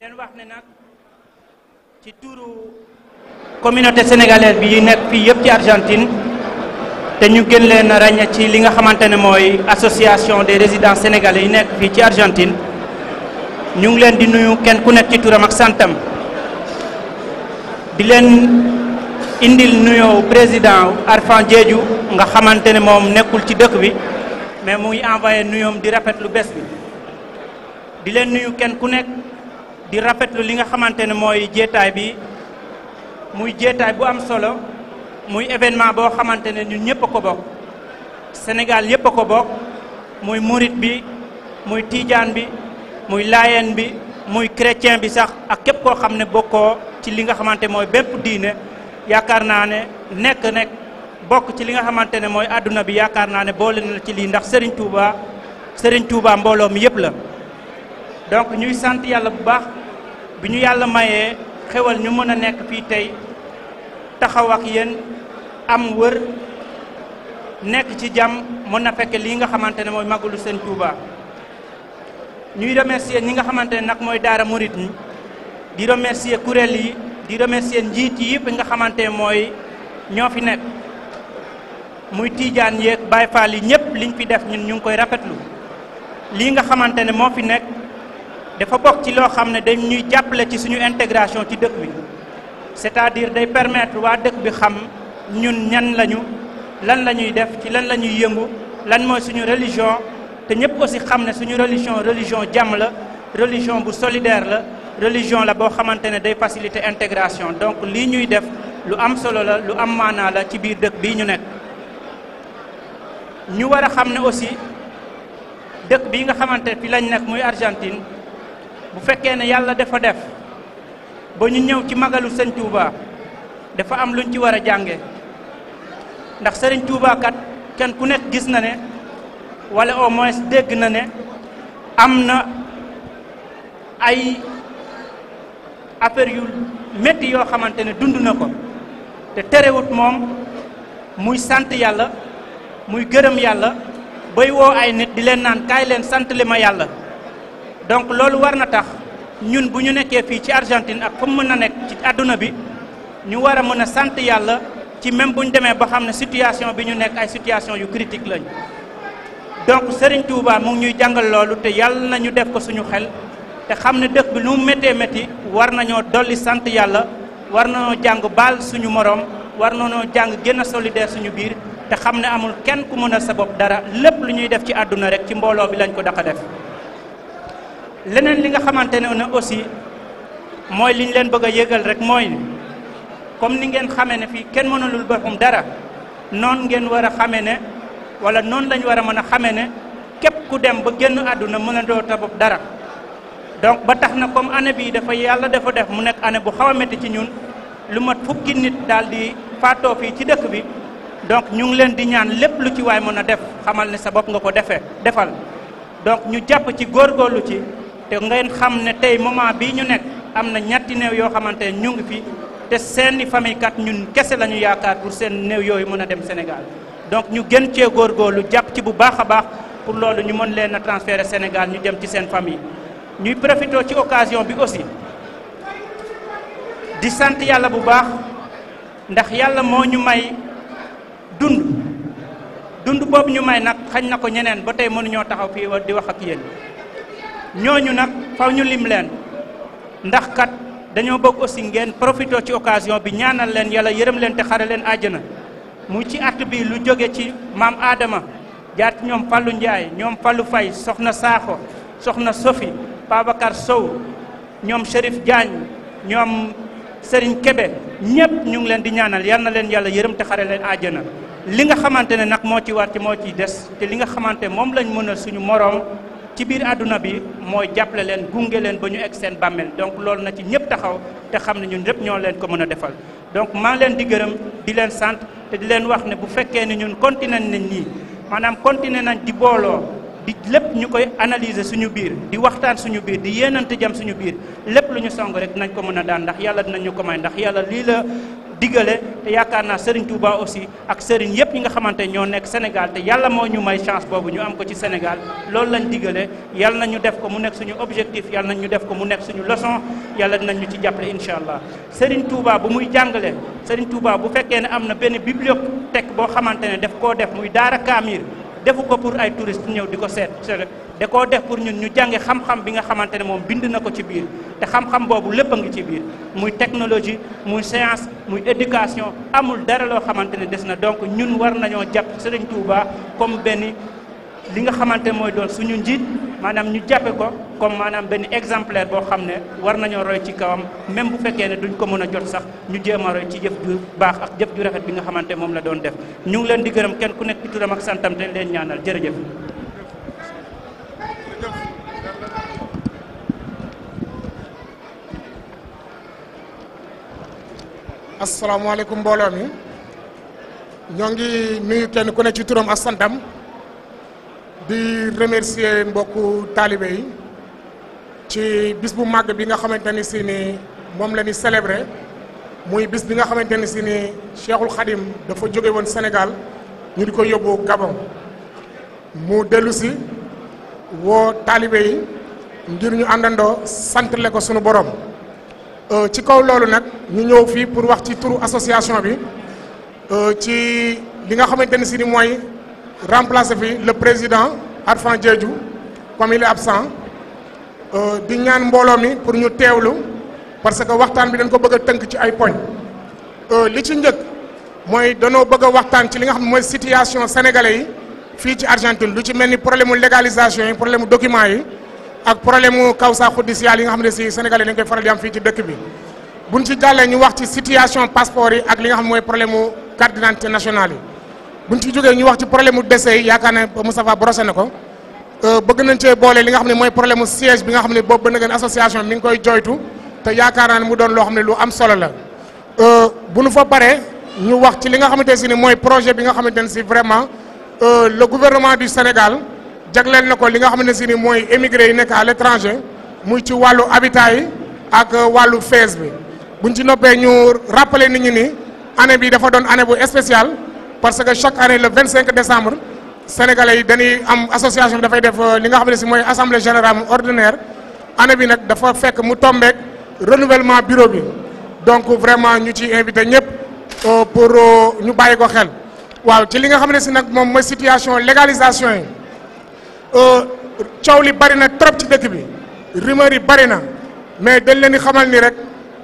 leen wax ne nag ci turu communauté sénégalaise bi yu nekk fii yëpp ci Argentine te ñu gën leen a ràññee ci li nga xamante ne mooy association des résidents sénégalais yu nekk fii ci Argentine ñu ngi leen di nuyu kenn ku nekk ci turam ak santam di leen indil nuyoo président Arfan nga xamante ne moom nekkul ci dëkk bi mais muy envoyé nuyoom di lu bés bi di rafetlu li nga xamante ne mooy jeetaay bi muy jeetaay bu am solo muy événement boo xamante ne ñun ñëpp a ko bokk Sénégal yëpp ko bokk muy murit bi muy tiijaan bi muy laayeen bi muy chrétien bi sax ak képp koo xam ne bokkoo ci li nga xamante mooy bépp diine yaakaar naa ne nekk nekk bokk ci li nga xamante ne mooy àdduna bi yaakaar naa ne boole na ci lii ndax Serigne Touba Serigne Touba mbooloo mi yëpp la. donc ñuy sant yàlla bu baax bi ñu yàlla mayee xewal ñu mën a nekk fii tey taxaw ak yéen am wër nekk ci jàmm mën na fekk lii nga xamante ne mooy magul seen Touba. ñuy remercier ñi nga xamante ne nag mooy daara murit ñi di remercier kuréel yi di remercier njiit yi yëpp nga xamante ne mooy ñoo fi nekk muy tiijaan yeeg Baay Faal yi ñëpp liñ fi def ñun ñu ngi koy rafetlu lii nga xamante ne moo fi nekk. dafa bokk ci loo xam ne dañ ñuy jàppale ci suñu intégration ci dëkk bi c'est-à-dire day permettre waa dëkk bi xam ñun ñan lañu lan la ñuy def ci lan la ñuy yëngu lan mooy suñu religion te ñëpp aussi xam ne suñu religion religion jàmm la religion bu solidaire la religion la boo xamante ne day faciliter intégration donc lii ñuy def lu am solo la lu am maanaa la ci biir dëkk bii ñu nekk ñu war a xam ne aussi dëkk bii nga xamante fi lañu nekk muy Argentine bu fekkee ne yàlla dafa def ba ñu ñëw ci magalu sëñ Touba dafa am luñ ci war a jànge ndax sëriñ Touba kat kenn ku nekk gis na ne wala au moins dégg na ne am na ay affaire yu yoo xamante ne dund na ko te terewut moom muy sant yàlla muy gërëm yàlla bay woo ay nit di leen naan kaay leen sant ma yàlla donc loolu war na tax ñun bu ñu nekkee fii ci Argentine ak fu mu mën a nekk ci àdduna bi ñu war a mën a sant yàlla ci même bu ñu demee ba xam ne situation bi ñu nekk ay situation yu critique lañ donc Serigne Touba mu ñuy jàngal loolu te yàlla na ñu def ko suñu xel te xam ne dëkk bi lu mu méttee métti war nañoo dolli sant yàlla war nañoo jàng baal suñu moroom war nañoo jàng gën a solidaire suñu biir te xam ne amul kenn ku mën a sa bopp dara lépp lu ñuy def ci àdduna rek ci mbooloo bi lañ ko daqa def leneen li nga xamante ne aussi mooy li leen bëgg a yëgal rek mooy comme ni ngeen xamee ne fii kenn mënalul boppam dara noonu ngeen war a xamee ne wala noon lañ war a mën a xamee ne képp ku dem ba génn àdduna mën a doo tabab dara donc ba tax na comme année bii dafa yàlla dafa def mu nekk année bu xaw a ci ñun lu mat fukki nit daal di faatoo fii ci dëkk bi donc ñu ngi leen di ñaan lépp lu ci waay mën a def xamal ne sa bopp nga ko defee defal donc ñu jàpp ci te ngeen xam ne tey moment bii ñu nekk am na ñetti néew yoo xamante ne ñu ngi fi te seeni famille kat ñun kese la yaakaar pour seen néew yooyu mën a dem Sénégal donc ñu gën cee góorgóorlu jàpp ci bu baax a baax pour loolu ñu mën leen a transférer Sénégal ñu dem ci seen famille. ñuy profité ci occasion bi aussi di sant yàlla bu baax ndax yàlla moo ñu may dund dund boobu ñu may nag xañ na ko ñeneen ba tey mënuñoo taxaw fii di wax ak yéen. ñooñu nag faw ñu lim leen ndax kat dañoo bëgg aussi ngeen profité ci occasion bi ñaanal leen yàlla yërëm leen te xare leen àjjana mu ci at bi lu jóge ci maam aadama jaar ci ñoom Fallou Ndiaye ñoom Fallou Faye soxna Sakho soxna Sophie paabakar Sow ñoom Chérif Diagne ñoom Serigne Kebe ñëpp ñu ngi leen di ñaanal yal na leen yàlla yërëm te xare leen àjjana li nga xamante ne nag moo ci war ci moo ciy des te li nga xamante moom lañ mënal suñu moroom ci biir àdduna bi mooy jàppale leen gunge leen ba ñu egg seen bàmmeel donc loolu na ci ñëpp taxaw te xam ne ñun ñëpp ñoo leen ko mën a defal donc maa leen di gërëm di leen sant te di leen wax ne bu fekkee ne ñun continué nañ nii maanaam continué nañ di booloo di lépp ñu koy analyser suñu biir di waxtaan suñu biir di yéenante jam suñu biir lépp lu ñu song rek dinañ ko mën a daan ndax yàlla dinañ ñu ko may ndax yàlla lii la digale te yaakaar naa Serigne Touba aussi ak Serigne yëpp ñi nga xamante ñoo nekk Sénégal te yàlla moo ñu may chance boobu ñu am ko ci Sénégal loolu lañ digale yàlla ñu def ko mu nekk suñu objectif yàlla ñu def ko mu nekk suñu leçon yàlla ñu ci jàppale incha allah Serigne Touba bu muy jàngale Serigne tuubaa bu fekkee ne am na benn bibliothèque boo xamante ne daf koo def muy daara kaamir defu ko pour ay touristes ñëw di ko seet da koo def pour ñun ñu jàngi xam-xam bi nga xamante ne moom bind na ko ci biir te xam-xam boobu lépp a ngi ci biir muy technologie muy science muy éducation amul dara loo xamante ne des na donc ñun war nañoo jàpp Serigne Touba comme benn li nga xamante mooy doon suñu ji maanaam ñu jàppe ko comme maanaam benni exemplaire boo xam ne war nañoo roy ci kawam même bu fekkee ne duñ ko mën a jot sax ñu jéem a roy ci jëf ju baax ak jëf ju rafet bi nga xamante moom la doon def ñu leen di gërëm kenn ku nekk ci ak santam te leen ñaanal jërëjëf asalaamaaleykum mbooloo mi ñoo ngi nuyu kenn ku ne ci turam ak santam di remercier mbokku taalibe yi ci bis bu màgg bi nga xamante ni si ni moom la ñu célébrer muy bis bi nga xamante ni si ni Cheikhul Khadim dafa jóge woon Sénégal ñu di ko yóbbu Gabon mu dellusi si woo taalibe yi ngir ñu àndandoo santale ko sunu borom. Euh, ci kaw loolu nag ñu ñëw fii pour wax ci turu association bi euh, ci li nga xamante ne si ni mooy remplacer fi le président Arfan Diédhiou comme il est absent euh, di ñaan mbooloo mi pour ñu teewlu parce que waxtaan bi dañ ko bëgg a tënk ci ay poñ li ci njëkk mooy danoo bëgg a waxtaan ci li nga xam mooy situation sénégalais yi fii ci Argentine lu ci mel ni problème mu légalisation yi problème document yi ak problème mu kawsa judiciaire yi nga xam ne si sénégalais dañ koy faral di am fii ci dëkk bi buñ ci jàllee ñu wax ci situation passeport yi ak li nga xam mooy problème mu carte d'identité jógee ñu wax ci problème mu décès yaakaar ne Moustapha brosé na ko euh, bëgg nañ boole li nga xam ne mooy problème mu siège bi nga xam ne boobu ba ngeen association mi ngi koy joytu te yaakaar naa ne mu doon loo xam ne lu am solo la euh, bu nu fa paree ñu wax ci li nga xamante ne si mooy projet bi nga xamante ne si vraiment euh, le gouvernement du Sénégal jagleel na ko li nga xam ne si ni mooy émigré yi nekk à l'étranger muy ci wàllu habitat yi ak euh, wàllu fees bi buñ ci noppee ñu rappeler nit ñi ni année bi dafa doon année bu spéciale parce que chaque année le 25 décembre sénégalais yi dañuy am association bi dafay def euh, li nga xam ne si mooy assemblée générale ordinaire année bi nag dafa fekk mu tombeek renouvellement bureau bi donc vraiment ñu ci invité ñëpp euh, pour ñu bàyyi ko xel waaw ci li nga xam ne si nag moom situation légalisation yi coow li bari na trop ci dëkk bi rumeur yi bari na mais dañ leen di xamal ni rek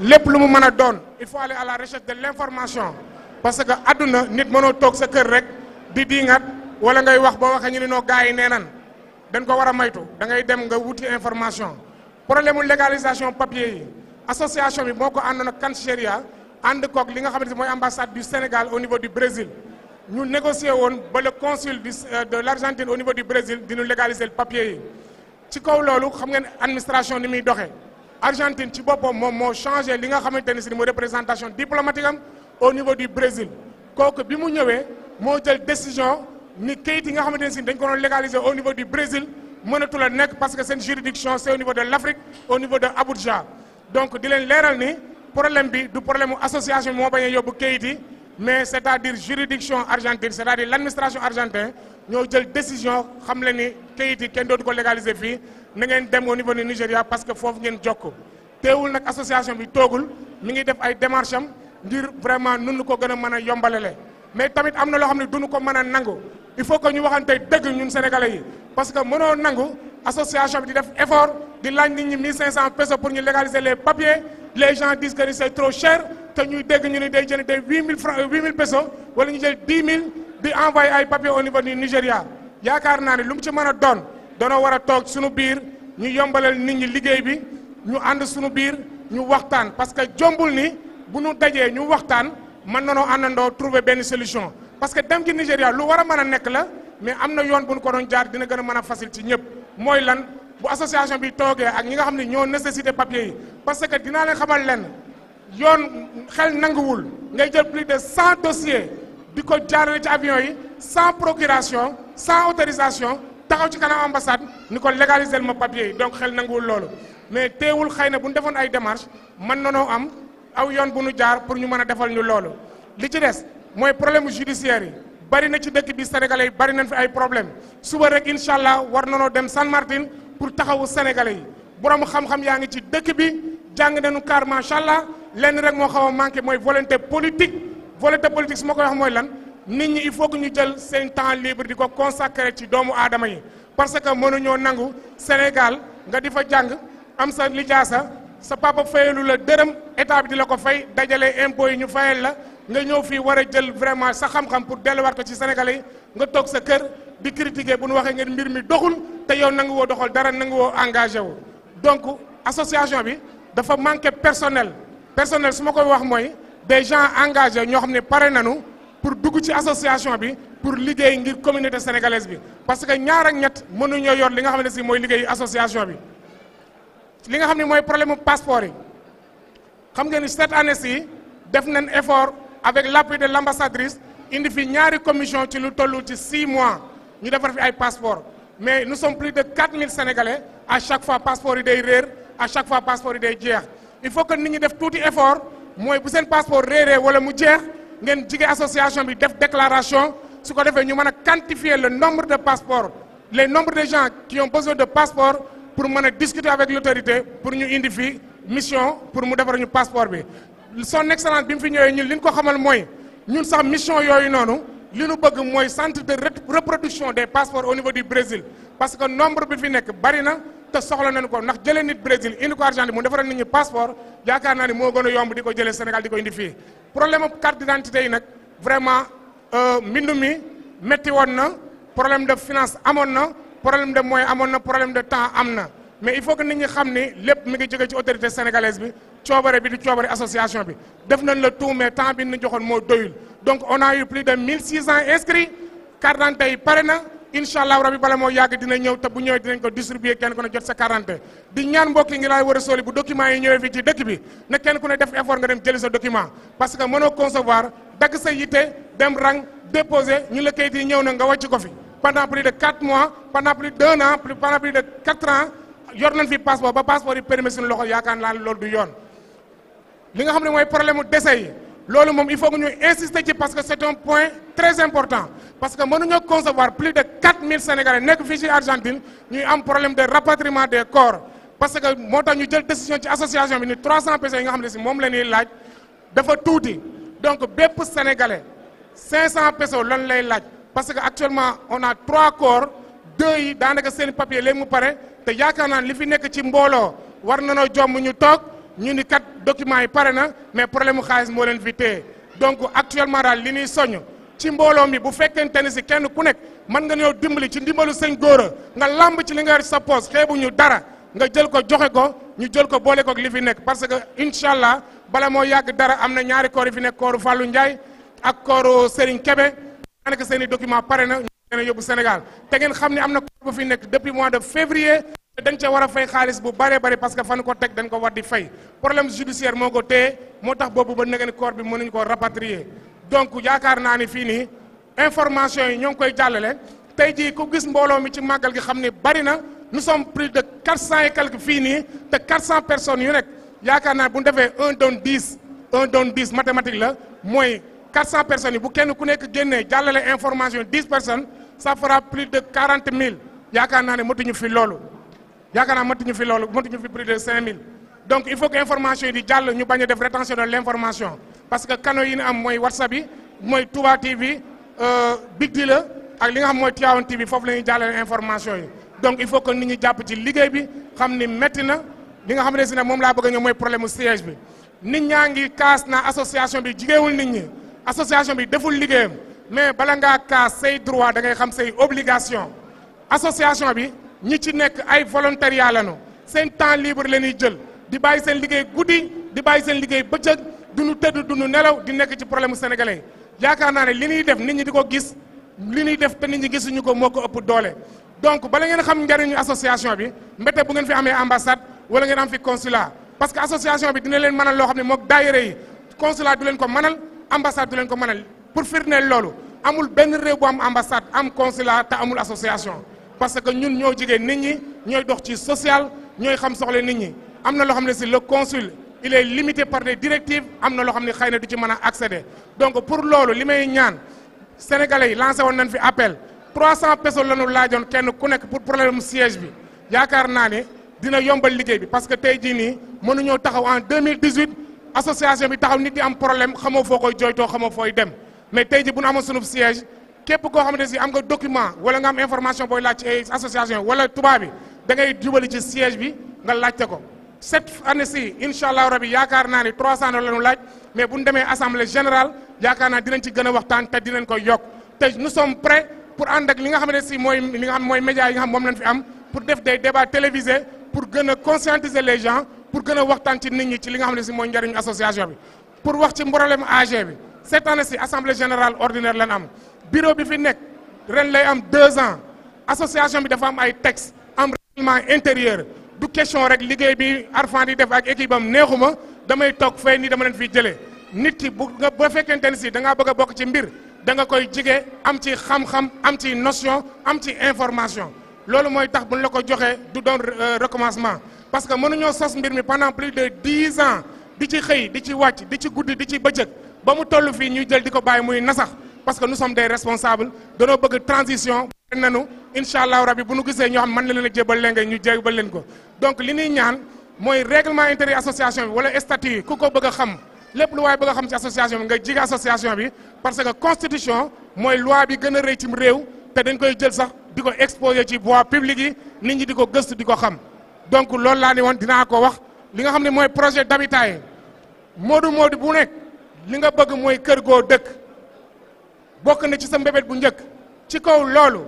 lépp lu mu mën a doon il faut aller la recherche de l'information parce que àdduna nit mënoo toog sa kër rek di diingat wala ngay wax boo waxee ñu ne noo gars yi nee nan dañ ko war a maytu da ngay dem nga wuti information problème mu légalisation papier yi association bi moo ko ànd àndoon ak Cancilleria ànd koog li nga xam xamante mooy ambassade du Sénégal au niveau du Brésil ñu négocier woon ba le consul euh, de l' Argentine au niveau du Brésil di ñu légaliser le papier yi ci kaw loolu xam ngeen administration ni muy doxe Argentine ci boppam moom moo changé li nga xamante ne si mooy représentation diplomatique am au niveau du Brésil kooku bi mu ñëwee moo jël décision ni kayit yi nga xamante ne si dañ ko doon légaliser au niveau du Brésil mënatul a nekk parce que seen juridiction c' est au niveau de l' Afrique au niveau de leen leeral ni problème bi du problème mu moo bañ a kayit yi. mais c'est-à-dire juridiction argentine c'est-à-dire l'administration argentine ñoo jël décision xam le ni kayit yi kenn dootu ko légaliser fii na ngeen dem au niveau du Nigéria parce que foofu ngeen jokk teewul nag association bi toogul mi ngi def ay démarches am ngir vraiment nun ko gën a mën a yombalale mais tamit am na loo xam ne duñu ko mën a nangu il faut que ñu waxante dëgg ñun sénégalais yi parce que mënoo nangu association bi di def effort di laaj nit pour ñu légaliser les papiers les gens disent que c'est trop cher te ñuy dégg ñu ni day jënd tey huit mille francs huit mille pesos wala ñu jël dix mille di envoyé ay papier au niveau Nigéria yaakaar naa ne lu mu ci mën a doon danoo war a toog suñu biir ñu yombalal nit ñi liggéey bi ñu ànd suñu biir ñu waxtaan parce que jombul ni bu ñu dajee ñu waxtaan mën nanoo àndandoo trouver benn solution parce que dem gi Nigéria lu war a mën a nekk la mais am na yoon bu nu ko doon jaar dina gën a mën a facile ci ñëpp mooy lan bu association bi toogee ak ñi nga xam ne ñoo nécessité papier yi parce que dinaa leen yoon xel nanguwul ngay jël plus de cent dossiers di ko jaarale ci avion yi sans procuration sans autorisation taxaw ci kanam ambassade ni ko légaliser ma papier yi donc xel nanguwul loolu mais teewul xëy na bu ñu defoon ay démarches mën nanoo am aw yoon bu nu jaar pour ñu mën a defoon ñu loolu li ci des mooy problème judiciaire yi bari na ci dëkk bi sénégalais yi bari nañ fi ay problème suba rek incha allah war nanoo dem San Martin pour taxawu sénégalais yi borom xam yaa ngi ci dëkk bi jàng nañu kaar allah lenn rek moo xaw a manqué mooy volonté politique volonté politique su ma koy wax mooy lan nit ñi il faut que ñu jël seen temps libre di ko consacrer ci doomu aadama yi parce que mënuñoo nangu Sénégal nga di fa jàng am sa lijaasa sa papa fayalu la dërëm état bi di la ko fay dajale impôts yi ñu fayal la nga ñëw fii war a jël vraiment sa xam-xam pour delluwaat ko ci Sénégalais nga toog sa kër di critiquer bu nu waxee ngeen mbir mi doxul te yow nangu woo doxal dara nangu engagé wu donc association bi dafa manqué personnel. personnel su ma koy wax mooy des gens engagés ñoo xam ne pare nañu pour dugg ci association bi pour liggéey ngir communauté sénégalaise bi parce que ñaar ak ñett mënuñoo yor li nga xam ne si mooy liggéey association bi li nga xam ne mooy problème mu passeport yi xam nga ni cette année ci def nañ effort avec l'appui de l'ambassadrice indi fi ñaari commission ci lu toll ci six mois ñu defar fi ay passeport mais nu sommes plus de 4000 sénégalais à chaque fois passeport yi day réer chaque fois passeport day jeex il faut que nit ñi def tuuti effort mooy bu seen passeport réeree wala mu jeex ngeen jige association bi def déclaration su ko defee ñu mën a quantifier le nombre de passeport les nombre de gens qui ont besoin de passeport pour mën a discuter avec l'autorité pour ñu indi fi mission pour mu defar ñu passeport bi son excellence bi mu fi ñëwee ñun li ñu ko xamal mooy ñun sax mission yooyu noonu li ñu bëgg mooy centre de reproduction des passeports au niveau du Brésil parce que nombre bi fi nekk bari na te soxla nañu ko ndax jëlee nit Brésil indi ko Argentine mu defaral nit ñi passeport yaakaar naa ni moo gën a yomb di ko jëlee Sénégal di ko indi fii problème am carte yi nag vraiment euh, mbindu mi na problème de finance amoon na problème de moyen amoon na problème de temps am na mais il faut que nit ñi xam ni lépp mi ngi jóge ci autorité sénégalaise bi coobare bi di coobare association bi def nañ la tout mais temps bi ñu joxoon moo doyul donc on a incha allah rabi bala moo yàgg dina ñëw te bu ñëwee dinañ ko distribuer kenn ku ne jot sa quarante di ñaan mbokk ngi laay war sooli bu document yi ñëwee fii ci dëkk bi na kenn ku ne def effort nga dem jëli sa document parce que mënoo concevoir dagg sa yitte dem rang déposer ñu la kayit yi ñëw na nga wàcc ko fi pendant plus de 4 mois pendant plus d' an pendant plus de 4 ans yor nañ fi passeport ba passeport yi permis suñu loxo yaakaar naa loolu du yoon li nga xam ne mooy problème mu décès yi loolu moom il faut que ñu parce que mënuñoo concevoir plus de 4000 sénégalais nekk fii ci Argentine ñuy am problème de rapatriement des corps parce que moo tax ñu jël décision ci association bi ni 300 pesos yi nga xam ne si moom la laaj dafa tuuti donc bépp sénégalais 500 pesos lan lay laaj parce que actuellement on a trois corps deux yi daanaka seen papier léegi mu pare te yaakaar naa li fi nekk ci mbooloo war na nañoo jomm ñu toog ñu ni kat document yi pare na mais problème xaalis moo leen fi téye donc actuellement daal li ñuy soññ. ci mbooloo mi bu fekkente ni si kenn ku nekk mën nga ñëw dimbali ci ndimbalu sëñ góora nga làmb ci li nga sa poos xeebu ñu dara nga jël ko joxe ko ñu jël ko boole ko li fi nekk parce que incha allah bala moo yàgg dara am na ñaari koor yi fi nekk kooru Fallou Ndiaye ak kooru Serigne Kebe daanaka seen i document pare na ñu leen yóbbu Sénégal te ngeen xam ni am na koor bu fi nekk depuis mois de février te dañ ca war a fay xaalis bu bare bare parce que fan ko teg dañ ko war di fay moo ko téye moo tax boobu ba nekk koor bi mënuñ koo rapatrier donc yaakaar naa ni fii nii information yi ñoo ngi koy jàllale tey jii ku gis mbooloo mi ci màggal gi xam ne bari na nous sommes plus de quatre cent et quelques fii nii te cent personnes yu nekk yaakaar naa bu ñu defee un don dix un don dix mathématique la mooy quatre cent personnes yi bu kenn ku nekk génnee jàllale information dix personnes ça fera plus de quarante mille yaakaar naa ne matuñu fi loolu yaakaar naa matuñu fi loolu matuñu fi plus de cinq mille donc il faut que information yi di jàll ñu bañ a def rétention de l'information parce que canaux yi ñu am mooy whatsapp yi mooy Touba TV euh, Big Deal la ak li nga xam mooy Tivaouane TV foofu la ñuy jàllale information yi donc il faut que nit ñi jàpp ci liggéey bi xam ni métti na li nga xam ne si nag moom laa bëgg a mooy problème mu bi nit ñaa ngi kaas na association bi jigéewul nit ñi association bi deful liggéeyam mais bala ngaa kaas say droit dangay xam say obligation association bi ñi ci nekk ay volontariat lañu seen temps libre la ñuy jël di bàyyi seen liggéey guddi di bàyyi seen liggéey bëccëg duñu tëdd duñu nelaw di nekk ci problème mu sénégalais yaakaar naa ne li ñuy def nit ñi di ko gis li ñuy def te nit ñi gisuñu ko moo ko ëpp doole. donc bala ngeen xam njariñu association bi mbete bu ngeen fi amee ambassade wala ngeen am fi consulat parce que association bi dina leen mënal loo xam ne moog daayira yi consulat du leen ko mënal ambassade du leen ko mënal pour fir firndeel loolu amul benn réew bu am ambassade am consulat te amul association. parce que ñun ñoo jigéen nit ñi ñooy dox social ñooy xam soxla nit ñi am na loo xam ne si le consul. il limité par des directives am na loo xam ne xay na du ci mën a accéder donc pour loolu li may ñaan sénégalais yi lancé woon nañ fi appel 300 pesos la ñu laajoon kenn ku nekk pour problème siège bi yaakaar naa ne dina yombal liggéey bi parce que tey jii nii mënuñoo taxaw en 2018 association bi taxaw nit di am problème xamoo foo koy jooytoo xamoo fooy dem mais tey ji bu nu amoon sunub siège képp koo xam ne si am nga document wala nga am information booy laaj ci wala tubaab bi da ngay ci siège bi nga laajte ko. cette année ci incha allah rabi yaakaar naa ni 300 la ñu laaj mais bu ñu demee assemblée générale yaakaar naa dinañ ci gën a waxtaan te dinañ koy yokk te nous sommes prêts pour ànd ak li nga xam ne si mooy li nga xam mooy média yi nga xam moom lañ fi am pour def des débats télévisés pour gën a conscientiser les gens pour gën a waxtaan ci nit ñi ci li nga xam ne ci mooy njëriñu association bi. pour wax ci problème AG bi cette année ci assemblée générale ordinaire lañ am bureau bi fi nekk ren lay am deux ans association bi dafa am ay textes am règlement intérieur. du question rek liggéey bi Arfan di def ak équipe am neexuma damay toog fay nii dama leen fiy jëlee nit ki bu nga ba fekkente ni si da ngaa bëgg a bokk ci mbir danga koy jige am ci xam-xam am ci notion am ci information loolu mooy tax bu ñu la ko joxee du doon euh, recommencement parce que mënuñoo sos mbir mi pendant plus de dix ans di ci xëy di ci wàcc di ci guddi di ci bëccëg ba mu toll fii ñuy jël di ko bàyyi muy nasax parce que nous sommes des responsables danoo bëgg transition ren incha allahu rabi bu nu gisee ñoo xam mën na leen a jébal leen nga ñu ko donc li ñuy ñaan mooy règlement intérieur association bi wala statut yi ku ko bëgg xam lép lu waaye bëgg a xam ci association bi nga jig association bi parce que constitution mooy loi bi gën a rëy ci réew te dañ koy jël sax di ko exposé ci voie publique yi nit ñi di ko gëstu di ko xam donc loolu laa ne woon dinaa ko wax li nga xam ne mooy projet d'habitat yi moodu moodu bu nekk li nga bëgg mooy kër goo dëkk bokk na ci sa mbébét bu njëkk ci kaw loolu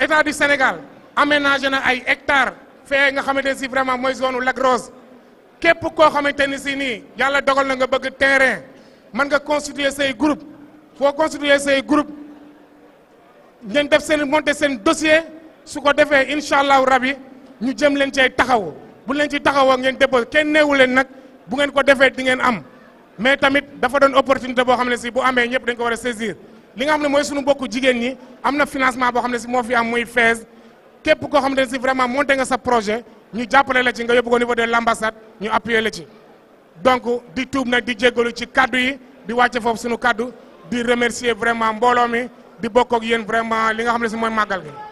état du Sénégal aménagé na ay hectares fee nga xamante ne si vraiment mooy zone u Lac képp koo xamante ni si nii yàlla dogal na nga bëgg terrain mën nga constituer say groupe foo constituer say groupe ngeen def seen monter seen dossier su ko defee incha allahu rabi ñu jëm leen cay taxawu bu leen ci taxawoo ngeen déposé kenn neewu leen nag bu ngeen ko defee di ngeen am mais tamit dafa doon opportunité boo xam ne si bu amee ñëpp dañ ko war a saisir li nga xam ne mooy suñu bokku jigéen ñi am na financement boo xam ne si moo fi am muy fees képp koo xam ne si vraiment monté nga sa projet ñu jàppale la ci nga yóbbu ko niveau de l'ambassade ñu appuyer la ci donc di tuub nag di jéggalu ci kaddu yi di wàcce foofu suñu kaddu di remercier vraiment mbooloo mi di bokk ak yéen vraiment li nga xam ne si mooy màggal gi